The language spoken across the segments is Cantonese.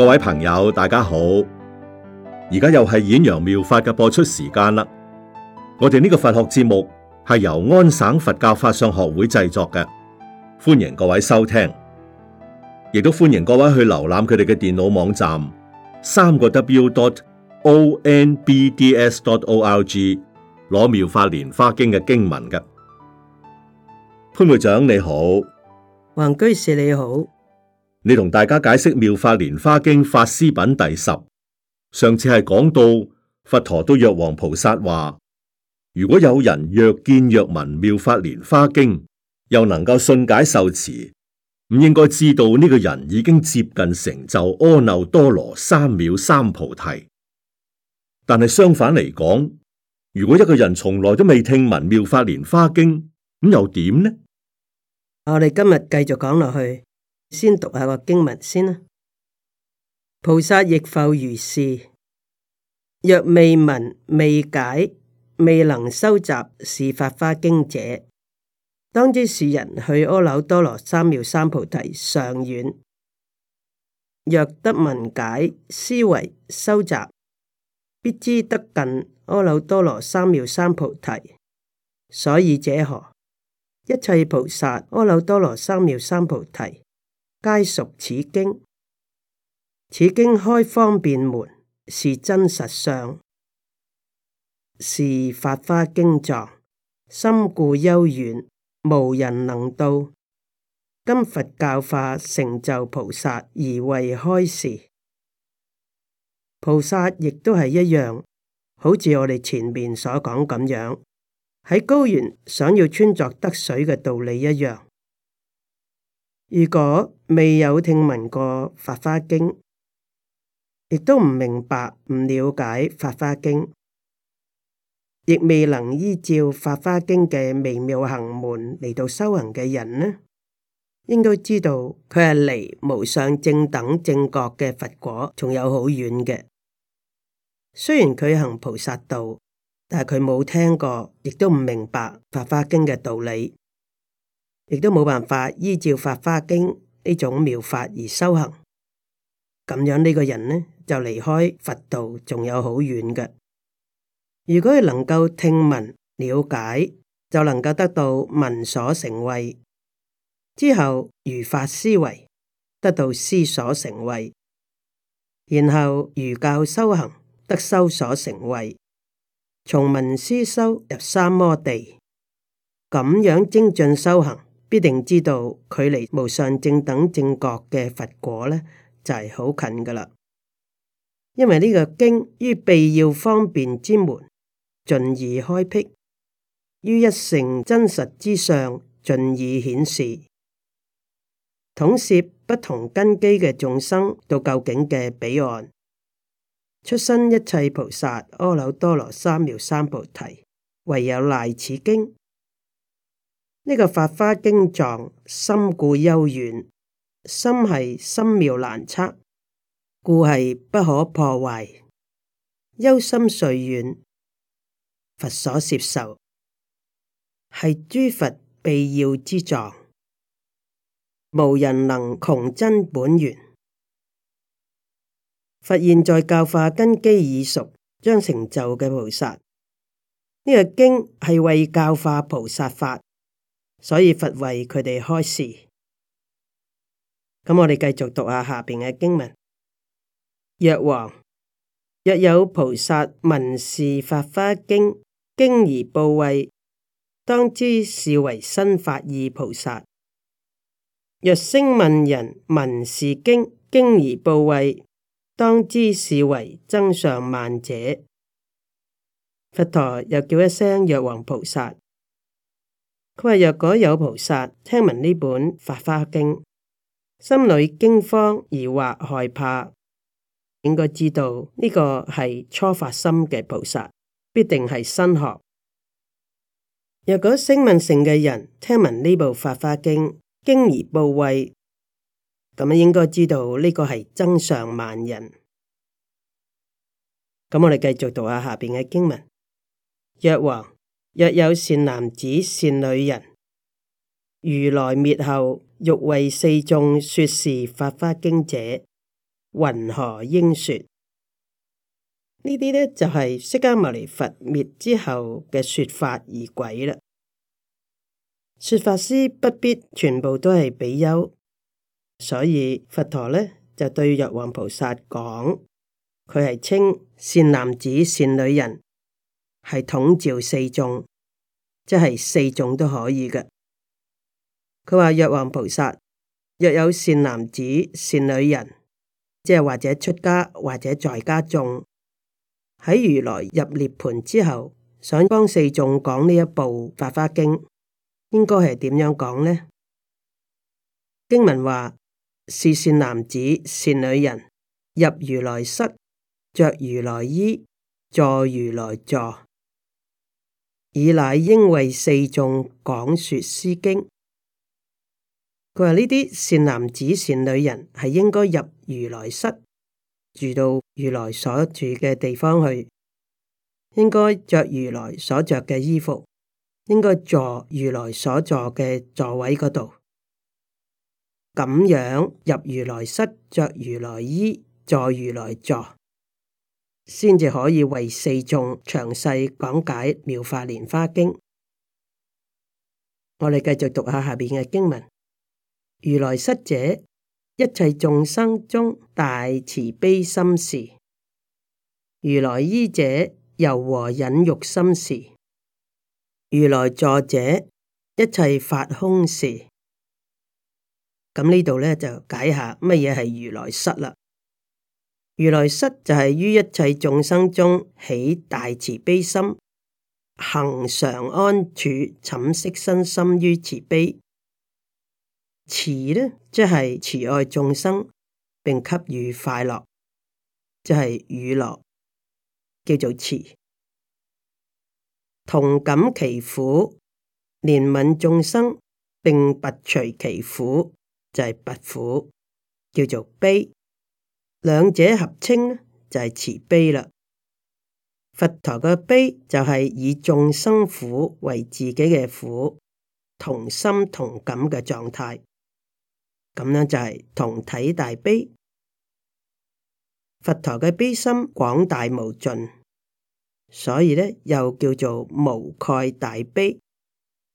各位朋友，大家好！而家又係演揚妙法嘅播出時間啦。我哋呢個佛學節目係由安省佛教法相學會製作嘅，歡迎各位收聽，亦都歡迎各位去瀏覽佢哋嘅電腦網站三個 W dot O N B D S dot O L G 攞妙法蓮花經嘅經文嘅。潘會長你好，黃居士你好。你同大家解釋《妙法蓮花經》法師品第十，上次係講到佛陀都藥王菩薩話，如果有人若見若聞妙法蓮花經，又能夠信解受持，唔應該知道呢個人已經接近成就阿耨多羅三藐三菩提。但係相反嚟講，如果一個人從來都未聽聞妙法蓮花經，咁又點呢？我哋今日繼續講落去。先讀下個經文先啦。菩薩亦復如是。若未聞、未解、未能收集是法花經者，當知是人去阿耨多羅三藐三菩提尚遠。若得聞解、思維、收集，必知得近阿耨多羅三藐三菩提。所以者何？一切菩薩阿耨多羅三藐三菩提。皆屬此經，此經開方便門，是真實相，是法花經藏，深固幽遠，無人能到。今佛教化成就菩薩而為開示，菩薩亦都係一樣，好似我哋前面所講咁樣，喺高原想要穿著得水嘅道理一樣。如果未有聽聞過《法華經》，亦都唔明白、唔了解《法華經》，亦未能依照《法華經》嘅微妙行門嚟到修行嘅人呢，應該知道佢係離無上正等正覺嘅佛果仲有好遠嘅。雖然佢行菩薩道，但係佢冇聽過，亦都唔明白《法華經》嘅道理。亦都冇辦法依照《法花經》呢種妙法而修行，咁樣呢個人呢就離開佛道仲有好遠嘅。如果佢能夠聽聞了解，就能夠得到聞所成慧；之後如法思維，得到思所成慧；然後如教修行，得修所成慧。從聞思修入三摩地，咁樣精進修行。必定知道，距離無上正等正覺嘅佛果呢，就係、是、好近噶啦。因為呢個經於必要方便之門，盡已開闢；於一乘真實之上，盡已顯示，統攝不同根基嘅眾生到究竟嘅彼岸。出身一切菩薩、阿耨多羅三藐三菩提，唯有賴此經。呢個法花經藏深固幽遠，心係深妙難測，故係不可破壞。幽心隨遠，佛所攝受，係諸佛秘要之藏，無人能窮真本源。佛現在教化根基已熟，將成就嘅菩薩，呢、這個經係為教化菩薩法。所以佛為佢哋開示，咁我哋繼續讀下下邊嘅經文。藥王，若有菩薩聞是法華經，經而報位，當知是為新發意菩薩。若聲聞人聞是經，經而報位，當知是為增上慢者。佛陀又叫一聲藥王菩薩。佢話：若果有菩薩聽聞呢本《法華經》，心裏驚慌疑惑、害怕，應該知道呢個係初發心嘅菩薩，必定係新學。若果聲聞乘嘅人聽聞呢部《法華經》，驚而怖畏，咁應該知道呢個係增上慢人。咁我哋繼續讀下下邊嘅經文，藥王。若有善男子、善女人，如來滅後，欲為四眾說是法華經者，云何應說？呢啲呢，就係、是、釋迦牟尼佛滅之後嘅說法而軌啦。說法師不必全部都係比丘，所以佛陀呢，就對藥王菩薩講：佢係稱善男子、善女人。係統召四眾，即係四眾都可以嘅。佢話若王菩薩，若有善男子、善女人，即係或者出家或者在家眾喺如來入涅盤之後，想幫四眾講呢一部《法華經》，應該係點樣講呢？經文話：是善男子、善女人，入如來室，着如來衣，坐如來座。以乃應為四眾講說是經，佢話呢啲善男子善女人係應該入如來室，住到如來所住嘅地方去，應該着如來所着嘅衣服，應該坐如來所坐嘅座位嗰度，咁樣入如來室，着如來衣，坐如來座。先至可以為四眾詳細講解妙法蓮華經。我哋繼續讀下下邊嘅經文：如來室者，一切眾生中大慈悲心是；如來衣者，柔和忍辱心是；如來座者，一切法空是。這這」咁呢度咧就解下乜嘢係如來室啦。如來室就係於一切眾生中起大慈悲心，行常安處寢息身心於慈悲。慈呢，即係慈愛眾生，並給予快樂，即係與樂，叫做慈。同感其苦，憐憫眾生，並拔除其苦，就係、是、拔苦，叫做悲。兩者合稱就係、是、慈悲啦。佛陀嘅悲就係以眾生苦為自己嘅苦，同心同感嘅狀態，咁樣就係同體大悲。佛陀嘅悲心廣大無盡，所以呢又叫做無蓋大悲，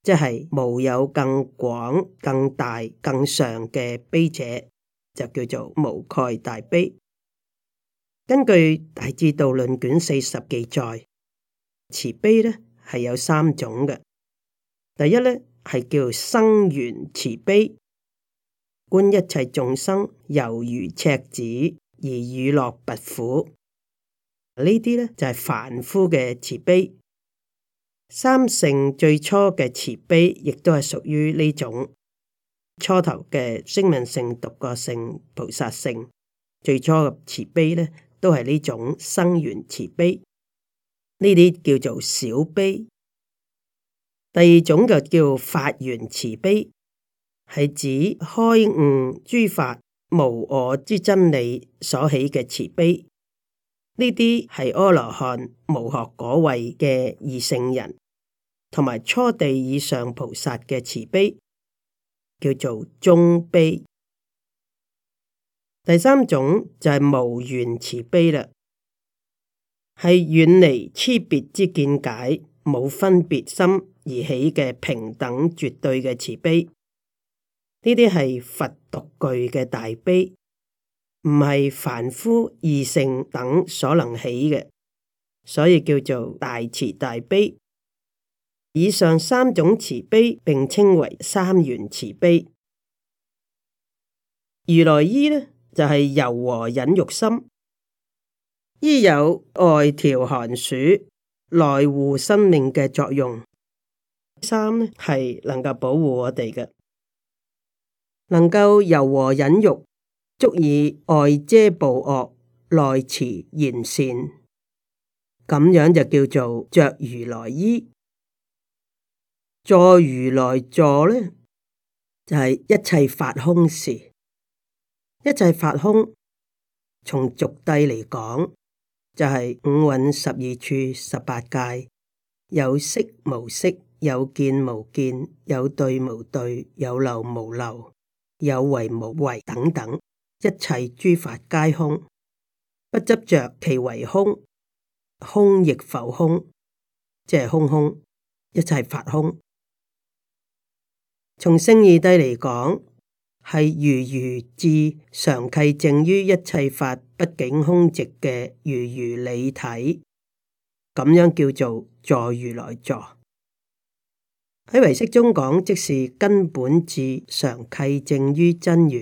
即係無有更廣、更大、更上嘅悲者。就叫做無蓋大悲。根據《大智度論》卷四十記載，慈悲呢係有三種嘅。第一呢係叫生源慈悲，觀一切眾生猶如赤子而與樂拔苦。呢啲呢就係、是、凡夫嘅慈悲。三乘最初嘅慈悲亦都係屬於呢種。初頭嘅聲聞性、獨覺性、菩薩性，最初嘅慈悲呢，都係呢種生緣慈悲，呢啲叫做小悲。第二種就叫法緣慈悲，係指開悟諸法無我之真理所起嘅慈悲，呢啲係阿羅漢無學果位嘅二聖人，同埋初地以上菩薩嘅慈悲。叫做中悲，第三種就係無緣慈悲啦，係遠離差別之見解，冇分別心而起嘅平等絕對嘅慈悲。呢啲係佛獨具嘅大悲，唔係凡夫二性等所能起嘅，所以叫做大慈大悲。以上三種慈悲並稱為三元慈悲。如來衣呢，就係、是、柔和忍辱心，衣有外調寒暑、內護生命嘅作用。三咧係能夠保護我哋嘅，能夠柔和忍辱，足以外遮暴惡，內慈言善，咁樣就叫做着如來衣。坐如來座呢，就係、是、一切法空時，一切法空。從俗諦嚟講，就係、是、五蘊十二處十八界，有色無色，有見無見，有對無對，有漏無漏，有為無為，等等，一切諸法皆空，不執着其為空，空亦復空，即係空空，一切法空。從勝義諦嚟講，係如如智常契證於一切法畢竟空寂嘅如如理體，咁樣叫做坐如來座。喺唯識中講，即是根本智常契證於真如。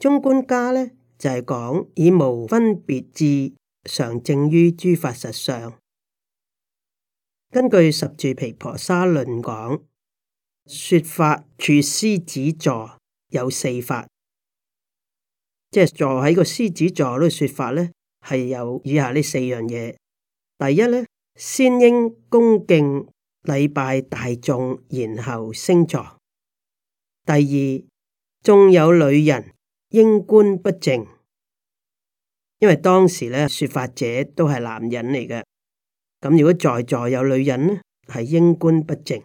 中觀家呢，就係、是、講以無分別智常證於諸法實相。根據十住毗婆沙論講。說法處獅子座有四法，即係坐喺個獅子座呢個說法咧，係有以下呢四樣嘢。第一咧，先應恭敬禮拜大眾，然後升座。第二，仲有女人應觀不淨，因為當時咧說法者都係男人嚟嘅。咁如果在座有女人咧，係應觀不淨。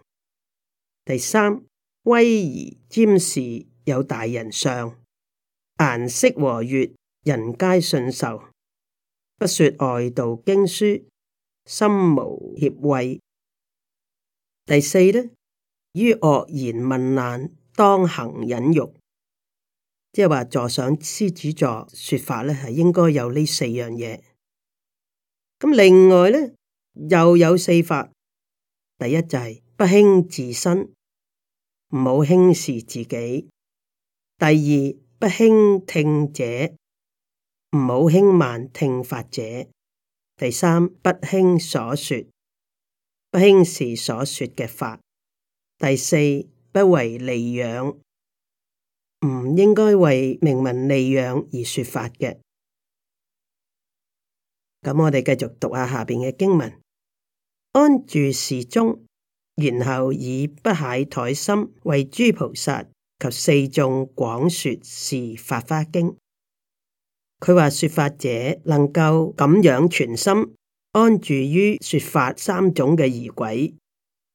第三，威儀佔士有大人相，顏色和悦，人皆信受，不說外道經書，心無怯畏。第四咧，於惡言問難當行忍辱，即係話坐上師子座說法咧，係應該有呢四樣嘢。咁另外咧，又有四法，第一就係、是。不輕自身，唔好輕視自己。第二，不輕聽者，唔好輕慢聽法者。第三，不輕所說，不輕視所說嘅法。第四，不為利養，唔應該為名聞利養而說法嘅。咁我哋繼續讀下下邊嘅經文，安住是中。然後以不懈怠心為諸菩薩及四眾廣說是法華經。佢話說，說法者能夠咁樣全心安住於說法三種嘅儀軌，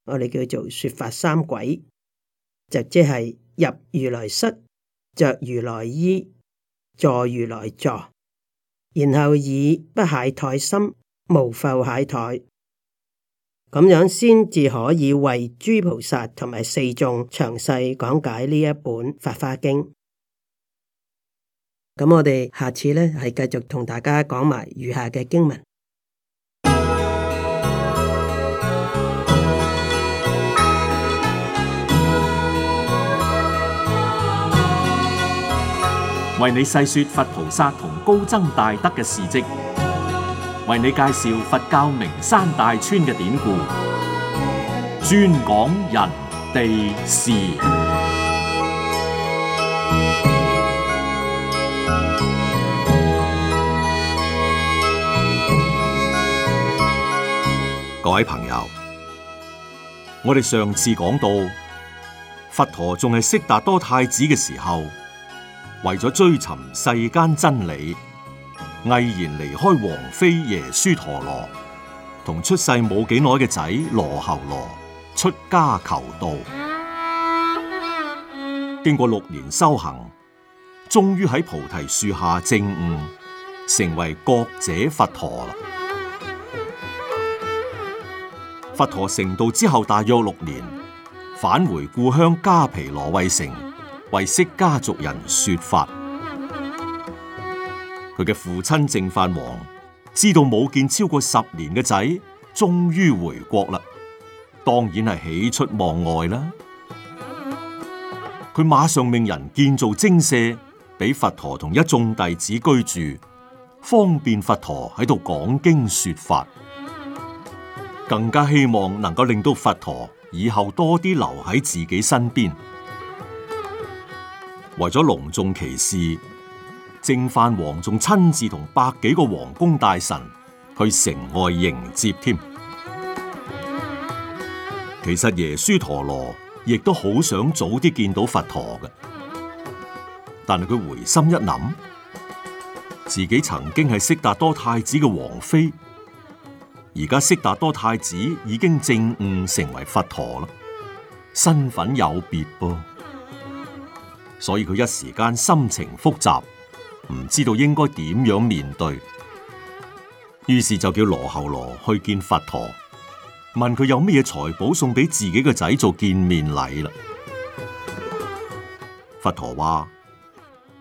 我哋叫做說法三軌，就即係入如來室，着如來衣，坐如來座。然後以不懈怠心無復懈怠。咁樣先至可以為諸菩薩同埋四眾詳細講解呢一本《法華經》。咁我哋下次咧係繼續同大家講埋餘下嘅經文，為你細說佛菩薩同高僧大德嘅事跡。為你介紹佛教名山大川嘅典故，專講人地事。各位朋友，我哋上次講到佛陀仲係悉達多太子嘅時候，為咗追尋世間真理，毅然離開王妃耶輸陀羅，同出世冇幾耐嘅仔羅睺羅出家求道。經過六年修行，終於喺菩提樹下證悟，成為覺者佛陀啦。佛陀成道之後大約六年，返回故鄉迦毗羅衛城，為釋迦族人說法。佢嘅父親淨飯王知道冇見超過十年嘅仔終於回國啦，當然係喜出望外啦。佢馬上命人建造精舍，俾佛陀同一眾弟子居住，方便佛陀喺度講經說法，更加希望能夠令到佛陀以後多啲留喺自己身邊。為咗隆重其事。淨飯王仲親自同百幾個皇宮大臣去城外迎接添。其實耶輸陀羅亦都好想早啲見到佛陀嘅，但係佢回心一諗，自己曾經係悉達多太子嘅王妃，而家悉達多太子已經證悟成為佛陀啦，身份有別噃，所以佢一時間心情複雜。唔知道應該點樣面對，於是就叫羅睺羅去見佛陀，問佢有咩嘢財寶送俾自己嘅仔做見面禮啦。佛陀話：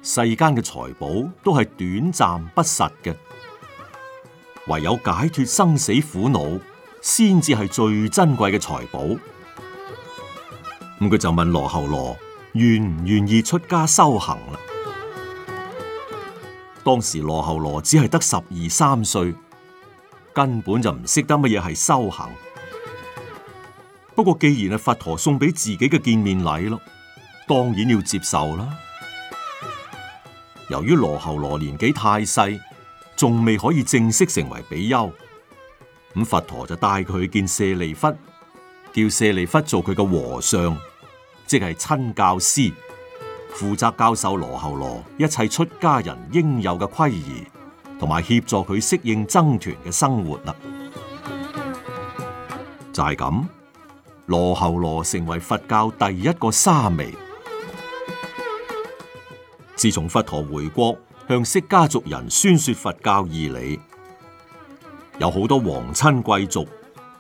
世間嘅財寶都係短暫不實嘅，唯有解脱生死苦惱，先至係最珍貴嘅財寶。咁佢就問羅睺羅願唔願意出家修行啦？當時羅睺羅只係得十二三歲，根本就唔識得乜嘢係修行。不過既然係佛陀送俾自己嘅見面禮咯，當然要接受啦。由於羅睺羅年紀太細，仲未可以正式成為比丘，咁佛陀就帶佢去見舍利弗，叫舍利弗做佢嘅和尚，即係親教師。負責教授羅睺羅一切出家人應有嘅規儀，同埋協助佢適應僧團嘅生活啦。就係咁，羅睺羅成為佛教第一個沙彌。自從佛陀回國向釋迦族人宣說佛教義理，有好多皇親貴族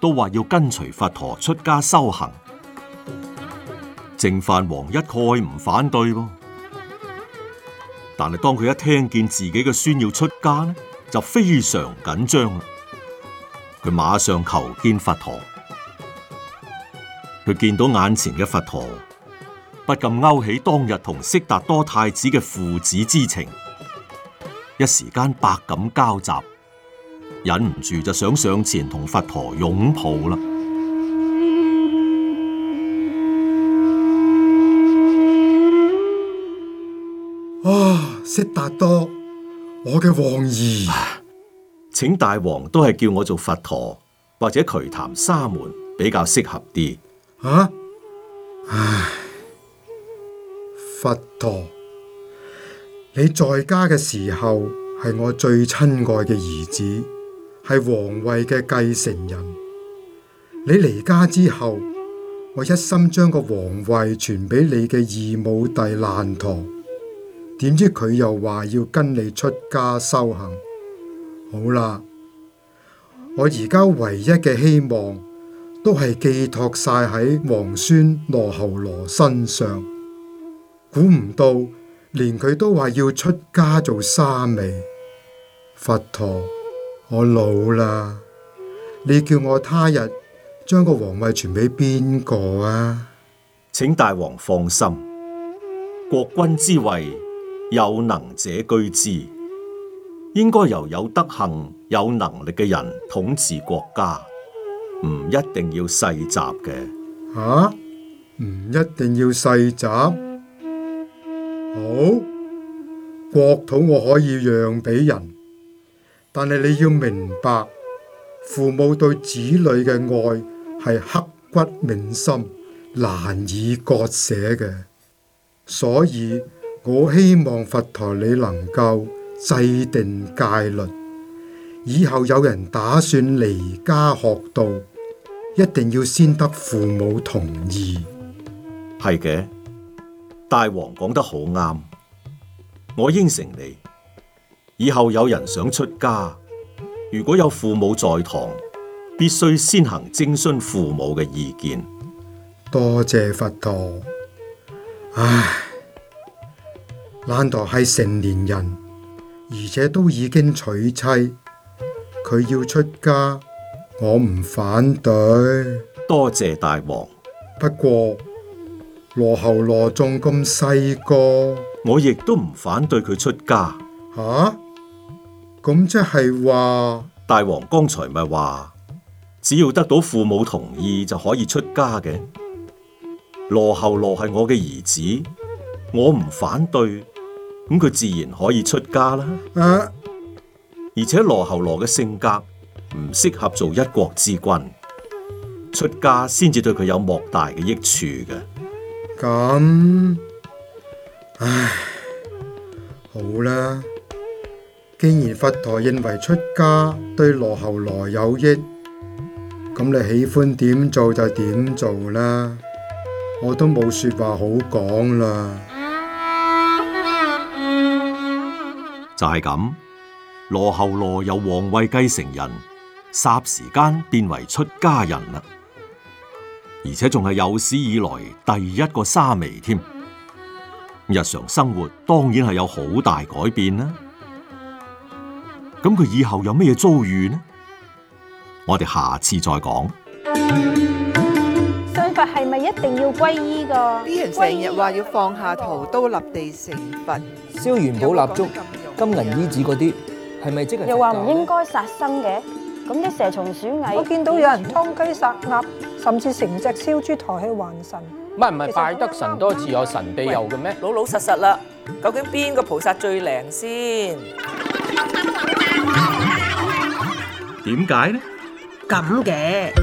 都話要跟隨佛陀出家修行。淨飯王一概唔反對喎，但係當佢一聽見自己嘅孫要出家，呢就非常緊張，佢馬上求見佛陀，佢見到眼前嘅佛陀，不禁勾起當日同悉達多太子嘅父子之情，一時間百感交集，忍唔住就想上前同佛陀擁抱啦。悉達多，我嘅王兒。請大王都係叫我做佛陀或者瞿曇沙門比較適合啲。啊，唉，佛陀，你在家嘅時候係我最親愛嘅兒子，係王位嘅繼承人。你離家之後，我一心將個王位傳俾你嘅異母弟難陀。點知佢又話要跟你出家修行？好啦，我而家唯一嘅希望都係寄託晒喺皇孫羅睺羅身上。估唔到連佢都話要出家做沙彌。佛陀，我老啦，你叫我他日將個皇位傳俾邊個啊？請大王放心，國君之位，有能者居之，應該由有德行、有能力嘅人統治國家，唔一定要世襲嘅。啊，唔一定要世襲。好，國土我可以讓俾人，但係你要明白，父母對子女嘅愛係刻骨銘心、難以割捨嘅，所以。我希望佛陀你能夠制定戒律，以後有人打算離家學道，一定要先得父母同意。係嘅，大王講得好啱，我應承你。以後有人想出家，如果有父母在堂，必須先行徵詢父母嘅意見。多謝佛陀，唉。難陀係成年人，而且都已經娶妻，佢要出家，我唔反對。多謝大王。不過羅睺羅仲咁細個，我亦都唔反對佢出家。吓、啊？咁即係話大王剛才咪話，只要得到父母同意就可以出家嘅。羅睺羅係我嘅兒子，我唔反對。咁佢自然可以出家啦，而且羅睺羅嘅性格唔適合做一國之君，出家先至對佢有莫大嘅益處嘅。咁，唉，好啦，既然佛陀認為出家對羅睺羅有益，咁你喜歡點做就點做啦，我都冇說話好講啦。就係咁，羅睺羅由皇位繼承人，霎時間變為出家人啦，而且仲係有史以來第一個沙彌添。日常生活當然係有好大改變啦。咁佢以後有咩嘢遭遇呢？我哋下次再講。信佛係咪一定要皈依噶？啲人成日話要放下屠刀，立地成佛，燒元寶蠟燭，金銀衣紙嗰啲係咪即係？又話唔應該殺生嘅，咁啲蛇蟲鼠蟻，我見到有人劏雞殺鴨，甚至成隻燒豬抬去還神。唔係唔係，拜得神多自有神庇佑嘅咩？老老實實啦，究竟邊個菩薩最靈先？點解呢？咁嘅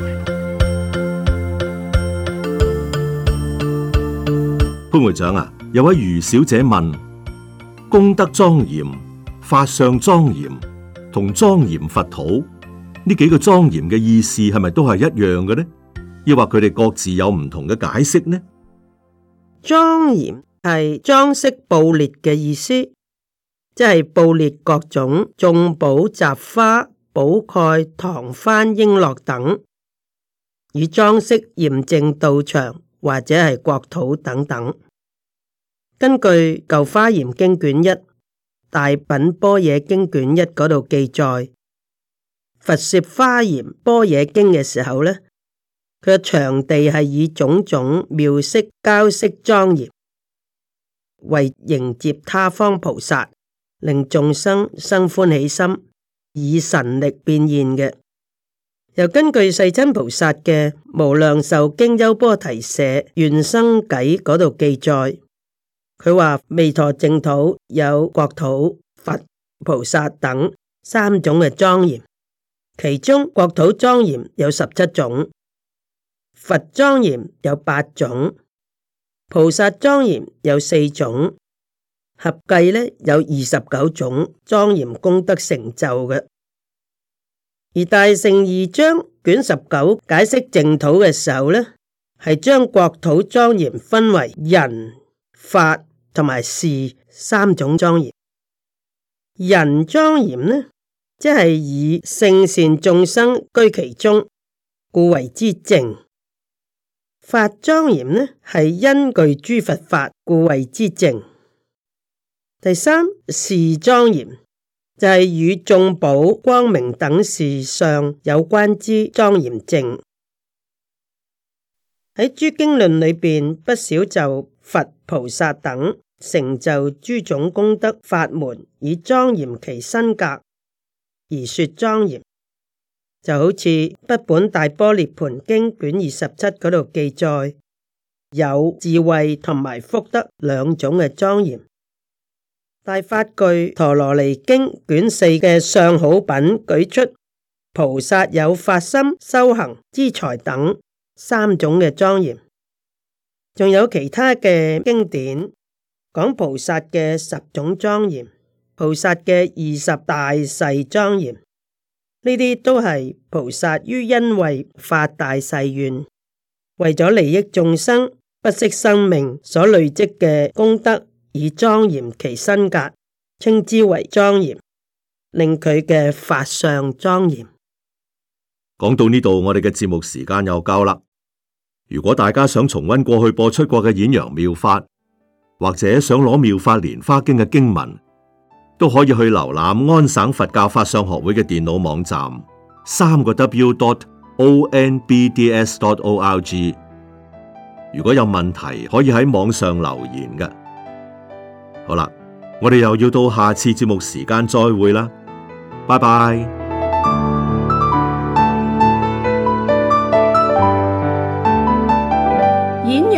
潘會長啊，有位余小姐問，功德莊嚴。八相莊嚴同莊嚴佛土呢幾個莊嚴嘅意思係咪都係一樣嘅呢？抑或佢哋各自有唔同嘅解釋呢？莊嚴係裝飾布列嘅意思，即係布列各種眾寶雜花寶蓋唐幡瓔珞等，以裝飾嚴淨道場或者係國土等等。根據《舊花嚴經卷一》。大品般若經卷一嗰度記載，佛說華嚴般若經嘅時候呢，佢嘅場地係以種種妙色交色莊嚴，為迎接他方菩薩，令眾生生歡喜心，以神力變現嘅。又根據世親菩薩嘅無量壽經優波提舍願生偈嗰度記載。佢話彌陀淨土有國土、佛、菩薩等三種嘅莊嚴，其中國土莊嚴有十七種，佛莊嚴有八種，菩薩莊嚴有四種，合計呢有二十九種莊嚴功德成就嘅。而大乘義章卷十九解釋淨土嘅時候呢，係將國土莊嚴分為人、法。同埋事三種莊嚴，人莊嚴呢，即係以聖善眾生居其中，故為之正；法莊嚴呢，係因具諸佛法，故為之正。第三事莊嚴就係與眾寶光明等事上有關之莊嚴正。喺諸經論裏邊，不少就。佛菩薩等成就諸種功德法門，以莊嚴其身格，而說莊嚴，就好似《北本大波列盤經》卷二十七嗰度記載，有智慧同埋福德兩種嘅莊嚴。大法炬陀羅尼經卷四嘅上好品舉出菩薩有發心、修行、資財等三種嘅莊嚴。仲有其他嘅經典講菩薩嘅十種莊嚴，菩薩嘅二十大誓莊嚴，呢啲都係菩薩於因為發大誓願，為咗利益眾生，不惜生命所累積嘅功德，以莊嚴其身格，稱之為莊嚴，令佢嘅法上莊嚴。講到呢度，我哋嘅節目時間又夠啦。如果大家想重溫過去播出過嘅演揚妙法，或者想攞妙法蓮華經嘅經文，都可以去瀏覽安省佛教法相學會嘅電腦網站，三個 w dot o n b d s dot o r g。如果有問題，可以喺網上留言嘅。好啦，我哋又要到下次節目時間再會啦，拜拜。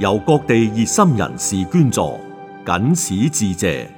由各地熱心人士捐助，謹此致謝。